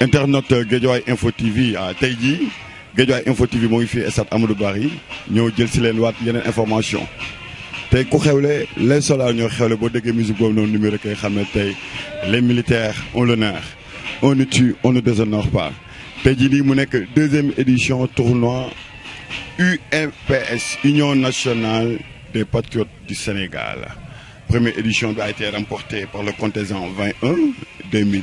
internet euh, Gédoy Info TV à ah, jii Gédoy Info TV mon ngi nous avons Amadou Bari. Nous avons dit que nous avons information les les militaires ont l'honneur on ne tue on ne déshonore pas deuxième édition tournoi UMPS, Union Nationale des Patriotes du Sénégal première édition a été remportée par le contingent 21 2000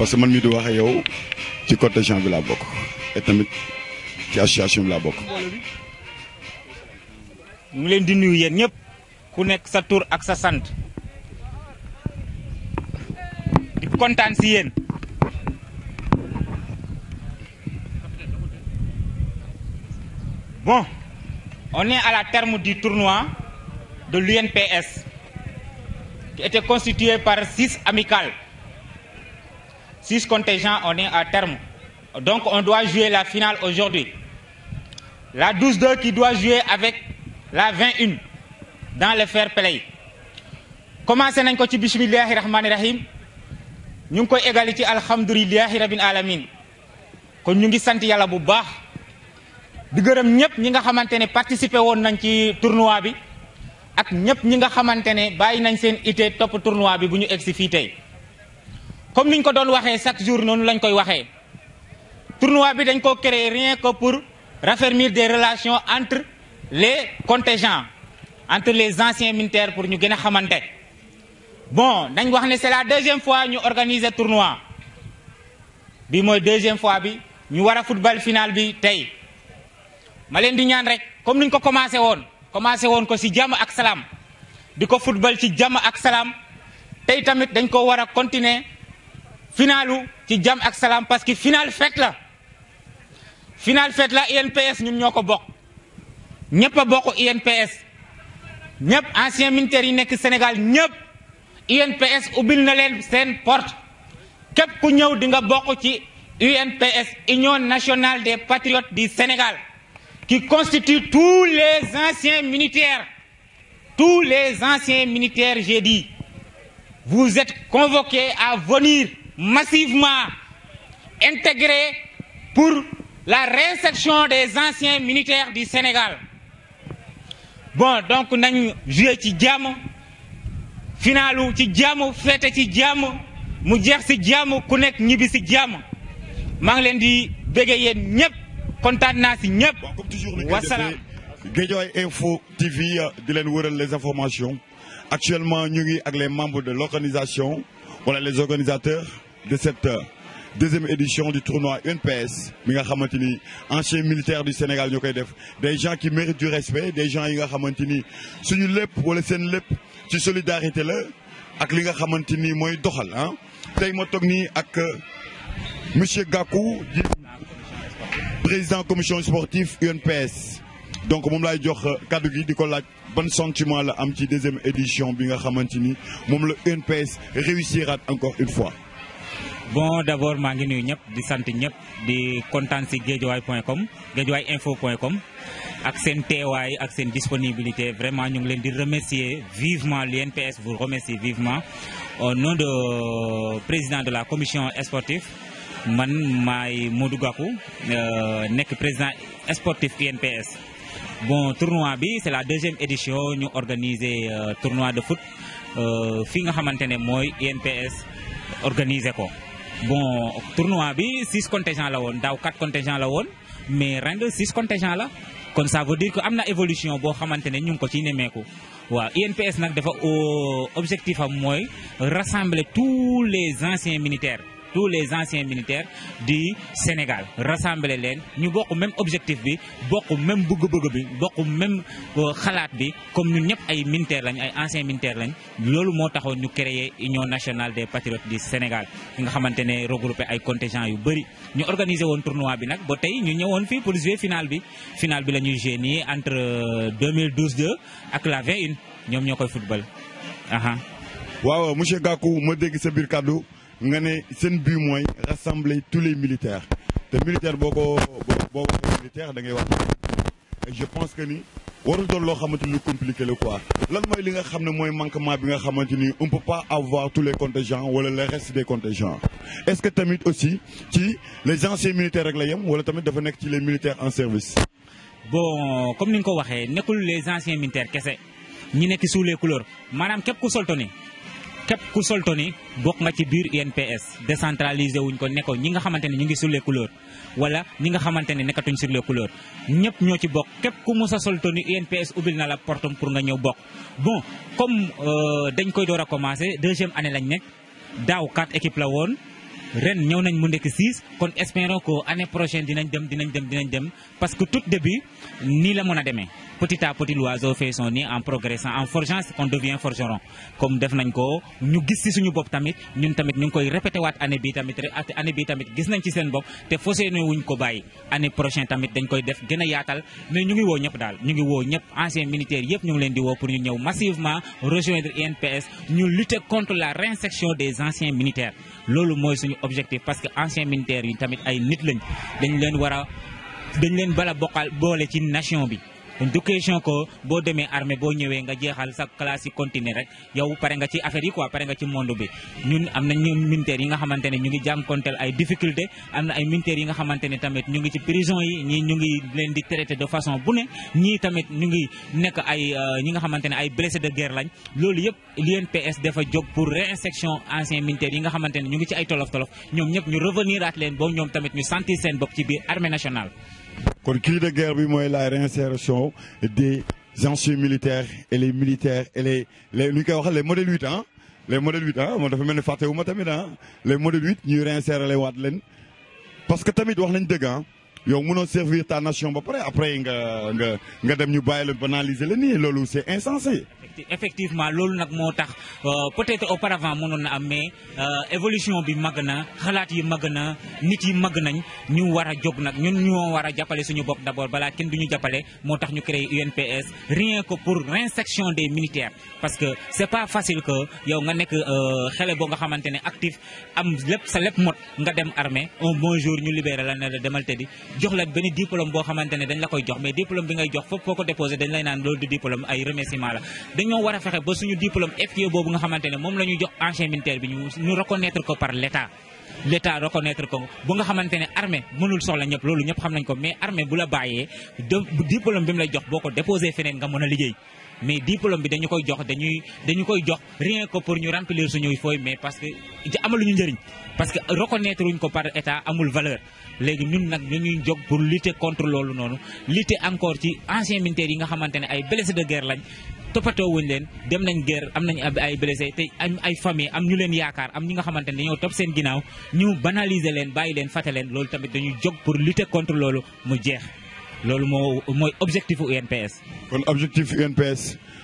parce que man mii di wax yow ci côté Jean bi et tamit ci association bi laa bokk. ñu leen di nuyu yéen ñep ku nek sa tour ak sa di contane ci Bon, on est à la terme du tournoi de l'UNPS, qui était constitué par six amicales. Six contingents, on est à terme. Donc on doit jouer la finale aujourd'hui. La 12-2 qui doit jouer avec la 21 dans le fair play. Comment à ko ci bisimillahi rahim nous ngi égalité égali alamin kon ñu ngi sant yàlla bu baax di gërëm ñëpp ñi nga avons participé à nañ ci tournoi bi ak avons ñi nga nañ tournoi bi bu comme niñ ko doon chaque jour nous lañ koy Le tournoi bi dañ ko rien que pour raffermir des relations entre les contingents entre les anciens militaires pour nous gën bon nous wax c'est la deuxième fois nous organisons organiser tournoi C'est la deuxième fois bi nous avons le football final bi vous ma di ñaan rek comme niñ ko commencé woon commencé woon ko ci jàmm ak football ci jàmm ak salaam tey tamit dañ ko war finalu ci jam ak parce que final fête la final fête la INPS ñun ñoko pas ñepp n'y a pas INPS pas anciens militaires yi au Sénégal n'y INPS ubil na len sen porte kep ku ñëw di nga ci UNPS Union nationale des patriotes du Sénégal qui constitue tous les anciens militaires tous les anciens militaires j'ai dit vous êtes convoqués à venir massivement intégrés pour la réinsertion des anciens militaires du Sénégal. Bon, donc nous avons joué ci jamm finalu ci jamm fête ci jamm mu jeex ci jamm ku nek ñibi ci jamm ma ngi len di bégué yeen ñep contane na ci ñep Info TV euh, di leen wëral les informations actuellement ñu ngi ak les membres de l'organisation voilà les organisateurs de cette euh, deuxième édition du tournoi UNPS mi nga ancien militaire du Sénégal des gens qui méritent du respect des gens yi nga xamante ni suñu lépp wala seen solidarité avec ak li nga xamante ni doxal hein. euh, monsieur Gakou président commission sportive UNPS donc moom laay jox euh, dit, gi di bonne laaj bon sentiment la deuxième édition bi nga xamante encore une fois bon d'abord, je maa ngi nuyu ñëpp di sant ñëpp di kontaan si géejawaay point disponibilité vraiment nous ngi leen di remercier vivement l'INPS vous remercie vivement au nom du euh, président de la commission sportive man maay Modou Gakou euh, nekk président sportif l'INPS. bon tournoi bi c'est la deuxième édition organisons organiser euh, tournoi de foot fi nga xamante ne l'INPS organiser bon le tournoi bi 6 contingents la won daw 4 contingents la won mais rendu 6 contingents la comme ça veut dire que amna évolution bo xamantene ñu ko ci néméku wa INPS nak dafa objectif am moy rassembler tous les anciens militaires tous les anciens militaires du Sénégal rassembler les ñu le même objectif bi même bëgg-bëgg bi le même euh, xalaat comme nous avons ay militaires lañ anciens militaires nous allons nationale des patriotes du Sénégal nous avons ne regroupé ay contingents nous avons organisé un tournoi nous avons ba tey pour jouer final bi final la entre 2012 euh, et et la 21 avons football. le football. waaw monsieur Gakou ma dégg cadeau nga ne seen but rassembler tous les militaires te militaire beaucoup ko militaire da ngay wax et je pense que ni warul doon loo xamante ni compliqué le quoi lan mooy li nga ne mooy bi nga xamante on peut pas avoir tous les contingents wala le reste des contingents est-ce que tamit aussi ci les anciens militaires rek la yem wala tamit dafa nekk ci les militaires en service bon comme nous nga dit, les anciens militaires qu'est-ce ñi nekk sous les couleurs maanaam képp ku solto ni képp ku solto ni bokk nga ci biir UNPS décentralisé wuñ ko ne ko ñi nga xamante ne ñu ngi sur les wala ñi nga xamante ne nekkatuñ sur les couleurs ñëpp ñoo ci bokk képp ku musa solto ni UNPS ubil na la portam pour nga ñëw bokk bon comme euh, dañ koy door a commencé deuxième année lañ nekk daaw quatre équipe la woon ren ñëw nañ mu 6 kon espérons que année prochaine dinañ dem dinañ dem parce que tout début ni la petit à petit l'oiseau fait son en progressant en forgeant on devient forgeron comme def nañ ko ñu gis ci suñu nous tamit ñun tamit ñu koy année bi tamit année année prochaine tamit dañ koy mais ñu ngi ñu anciens militaires ñu ngi pour massivement rejoindre INPS ñu lutter contre la réinsertion des anciens militaires objectif parce que anciens militaires yi tamit ay nit lañ dañ leen wara a dañ leen bala bokal bolé ci nation bi du question que boo demee armée boo ñëwee nga jeexal sa classe yi continuer rek yow pare nga ci affaire yi quoi pare nga ci monde bi ñun am na ñun militaires yi nga xamante ne ñu ngi jànkonteel ay difficulté am ay militaires yi nga xamante ne tamit ñu ngi ci prison yi ñii ñu ngi leen di traité de façon bu ne ñii tamit ñu ngi nekk ay euh, ñi nga xamante ne ay blessé de guerre lañ loolu yëpp l'INPS dafa jóg pour réinsertion anciens militaires yi nga xamante ne ñu ngi ci ay tolof tolof ñoom ñëpp ñu revenir aat leen boo ñoom tamit ñu sentir seen bopp ci biir armée kon cri de guerre bi moy la réinsertion des anciens militaires et les militaires et les les lu ñu koy wax les modèles 8 hein les modèles 8 hein mo dafa melni faté fàttewu ma tamit hein les modèles 8 ñu réinsérer les waat leen parce que tamit wax nañ dëgg hein yow mëno servir ta nation ba pare après nga nga nga dem ñu bàyyi la banaliser le nii lolu c'est insensé effectivement lolu nak motax euh peut-être auparavant mënon na am mais euh évolution bi magna xalat yi magna nit yi magnañ ñu wara jog nak ñun ñu wara jappalé suñu bop d'abord bala kenn duñu jappalé motax ñu créer UNPS rien que pour réinsection des militaires parce que c'est pas facile que yow nga nek euh xalé bo nga xamantene actif am lepp sa lepp mot nga dem armée un bon ñu libérer la na demal tedi jox la ben diplôme bo xamantene dañ la koy jox mais diplôme bi ngay jox fop foko déposer dañ lay nane lolu diplôme ay remerciements dañoo war a fexe ba suñu diplôme FQE boobu nga xamante ne moom la ñu jox ancien militaire bi ñu ñu reconnaître ko par l' état l' ko bu nga xamante ne armée mënul soxla ñëpp loolu ñëpp xam nañ ko mais armée bu la bàyyee diplôme bi mu lay jox boo ko déposé feneen nga mën a liggéey mais diplôme bi dañu koy jox dañuy dañu koy jox rien que pour ñu remplir suñuy fooy mais parce que amaluñu njëriñ parce que reconnaître wuñ ko par état amul valeur léegi ñun nag ñuy jóg pour lutter contre loolu noonu lutter encore ci anciens militaires yi nga xamante ne ay blessés de guerre lañ toppatoo leen dem nañ guerre am nañ ay blessé te am ay famille am ñu leen yaakaar am ñi nga xamante ne dañoo topp seen ginnaaw ñu banaliser leen bàyyi leen fàtte leen loolu tamit dañuy jog pour lutter contre loolu mu jeex loolu moo mooy objectif u UNPS. kon objectif UNPS.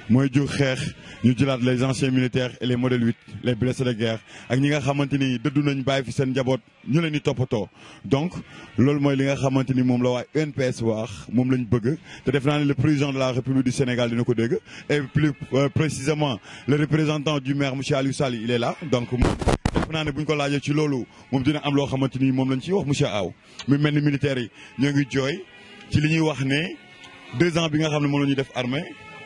moy jox xex ñu jilat les anciens militaires et les modèles 8 les blessés de guerre ak ñi nga xamante ni nañ bay fi sen jabot ñu leni di donc lool moy li nga xamanteni ni la waa NPS wax mom lañ bëgg te def le président de la République du Sénégal dina ko dégg et plus euh, précisément le représentant du maire monsieur Aliou Sall il est là donc def naa ne ko laajee ci loolu mom dina am lo xamanteni mom lañ ci wax monsieur Aw mi melni ni yi ñi ngi joy ci li ñuy wax né deux ans bi nga xam mo moom def armée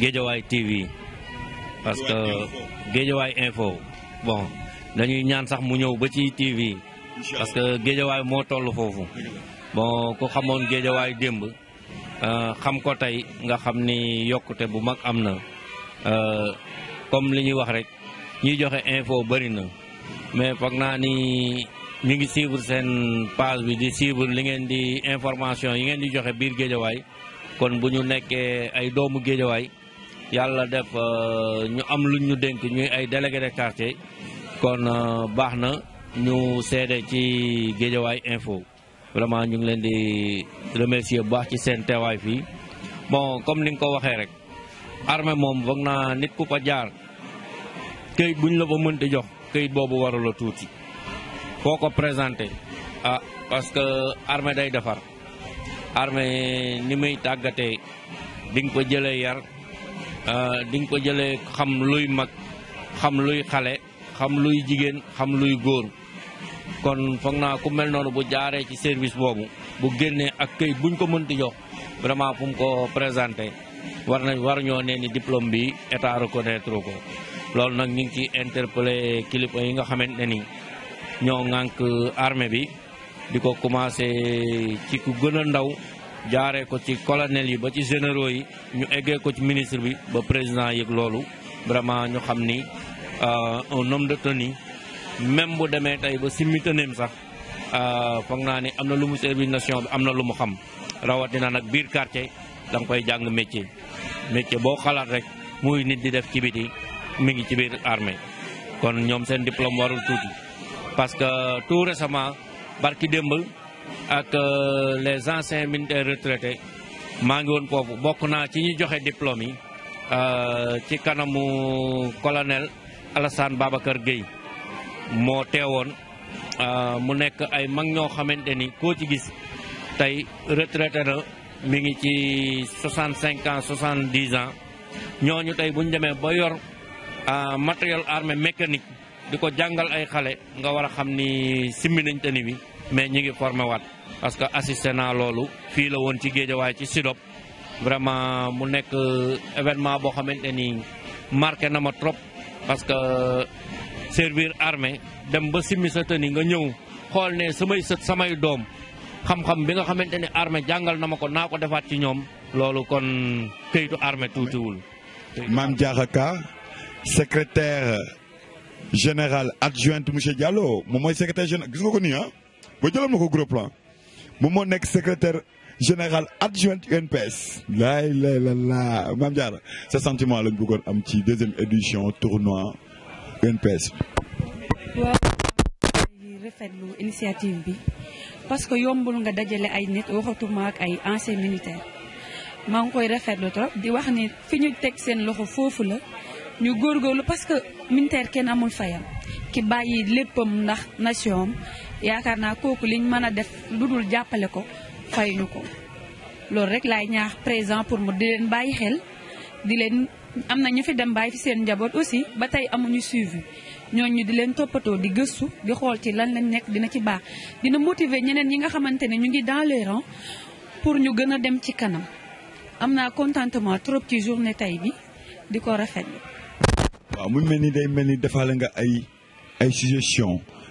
Géejawaay TV parce que Géejawaay info bon dañuy ñaan sax mu ñëw ba ci TV parce que Géejawaay moo toll foofu bon ku xamoon Géejawaay démb euh, xam ko tey nga xam ni yokkute bu mag am na euh, comme li ñuy wax rek ñuy joxe info bëri na mais foog naa ni ñu ngi suivre seen page bi di suivre li ngeen di information yi ngeen di joxe biir Géejawaay kon bu ñu nekkee ay doomu Géejawaay yàlla def euh, ñu am lu ñu dénk ñuy ay délégué de quartier kon euh, baax na ñu seede ci Géejawaay info vraiment ñu ngi leen di remercier bu baax ci seen teewaay fii bon comme ni nga ko waxee rek armée moom foog naa nit ku ko jaar këyit bu ñu la ko mënti jox këyit boobu warula tuuti foo ko présenté ah parce que armée day defar armée ni muy tàggatee di ko jëlee yar Euh, di nga ko jëlee xam luy mag xam luy xale xam luy jigéen xam luy góor kon foog naa ku mel noonu bu jaaree ci service boobu bu génnee ak këyit buñ ko mënti jox vraiment fu mu ko présenté war nañ war ñoo nee ni diplôme bi état reconnaître ko loolu nag ñu ngi ci interpellé kilifa yi nga xamante ne ni ñoo ŋànk armée bi di ko commencé ci ku gën a ndaw jaaree ko ci colonel yi ba ci généraux yi ñu eggee ko ci ministre bi ba président yëg loolu vraiment ñu xam ni euh, un homme de tenue même bu demee tey ba simmi teneem sax euh, foog naa ni am na lu mu service nation bi am na lu mu xam rawatina nag biir quartier da nga koy jàng métier métier boo xalaat rek muy nit di def ci biti mu ngi ci biir armée kon ñoom seen diplôme warul tuuti parce que tout barki démb ak euh, les anciens militaires retraités maa ngi woon foofu bokk naa ci ñu joxe diplôme yi euh, ci kanamu colonel Alassane Babacar Gueye moo teewoon euh, mu nekk ay mag ñoo xamante ni koo ci gis tey retraité na mi ngi ci 65 ans 70 ans ñooñu tey bu ñu demee ba yor matériel armé mécanique di ko jàngal ay xale nga war a xam ni simmi nañ tani bi mais ñi ngi formé waat parce que assisté naa loolu fii la woon ci Géejawaay ci Sidop vraiment mu nekk euh, événement boo xamante nii marqué na ma trop parce que euh, servir armée dem ba simmi sa tëni nga ñëw xool ne samay sët samay doom xam-xam bi nga xamante ni armée jàngal na ma ko naa ko defaat ci ñoom loolu kon këyitu armée tuutiwul Mame Diarra Ka secrétaire général adjointe monsieur Diallo moom mooy secrétaire général gis nga ko nii ah ba jëloon na ko gros plan moom moo nekk secrétaire général adjoint UNPS. laay lay la laa Mame Diarra sentiment lañ bëggoon am ci deuxième édition tournoi UNPS. waaw rafetlu initiative bi parce que yombul nga dajale ay nit waxatuma ak ay anciens militaires maa ngi koy rafetlu trop di wax ni fi ñu teg seen loxo foofu la ñu góorgóorlu parce que militaire kenn amul fayam ki bàyyi léppam ndax nation yaakaar naa kooku liñ mën a def lu dul jàppale ko fayuñu ko loolu rek laay ñaax présent pour mu di leen bàyyi xel di leen am na ñu fi dem bàyyi fi seen njaboot aussi ba tey amuñu suivi ñooñu di leen toppatoo di gëstu di xool ci lan lañ nekk dina ci baax dina motiver ñeneen ñi nga xamante ne ñu ngi dans les rangs pour ñu gën a dem ci kanam am naa contentement trop ci journée tey bi di ko rafetlu. waaw mu mel ni day mel ni defaale nga ay ay suggestion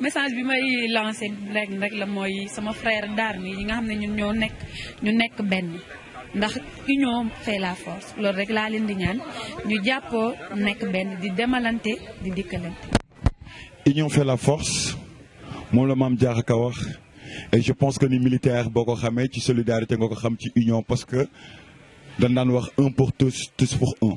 message bi may lancé rek rek la moy sama frère d'armes yi nga xamné ñun ñoo nek ñu nek ben ndax union fait la force lool rek la leen di ñaan ñu jappo nek ben di démalanté di dikkalante. union fait la force mo la maam Diarra Ka wax et je pense que ni militaire boko xamé ci solidarité nga ko xam ci union parce que dañ dan wax un pour tous tous pour un.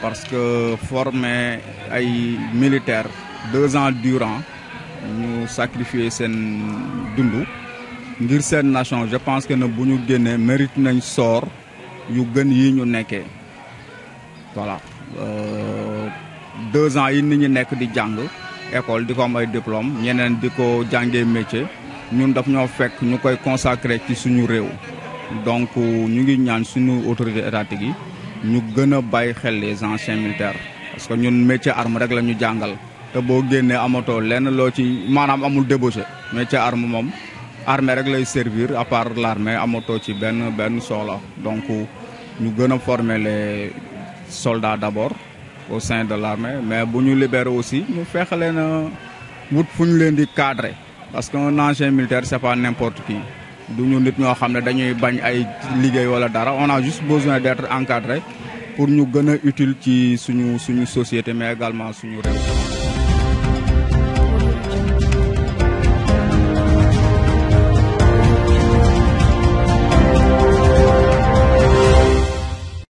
parce que former ay militaire deux ans durant ñu sacrifier sen dundu ngir sen nation je pense que ne buñu ñu mérite nañ sort yu gën yi ñu nekkee voilà euh, deux ans yi nit ñi nekk di jàng école di ko am ay diplôme ñeneen di ko jàngee métier ñun daf ñoo fekk ñu koy consacré ci suñu réew donc euh, ñu ngi ñaan suñu autorité étatique yi ñu gën a bàyyi xel les anciens militaires parce que ñun métier arm rek la ñu jàngal te boo génnee amatoo lenn loo ci maanaam amul débauché métier arme moom armée rek lay servir à part l' armée amatoo ci benn benn soxla donc ñu gën a former les soldats d' abord au sein de l' armée mais bu ñu liber aussi ñu fexe leen a wut fu ñu leen di cadrer parce que un ancien militaire c' est importe qui du ñu nit ñoo xam ne dañuy bañ ay liggéey wala dara on a juste besoin d'être encadré pour ñu gën a utile ci suñu suñu société mais également suñu réew.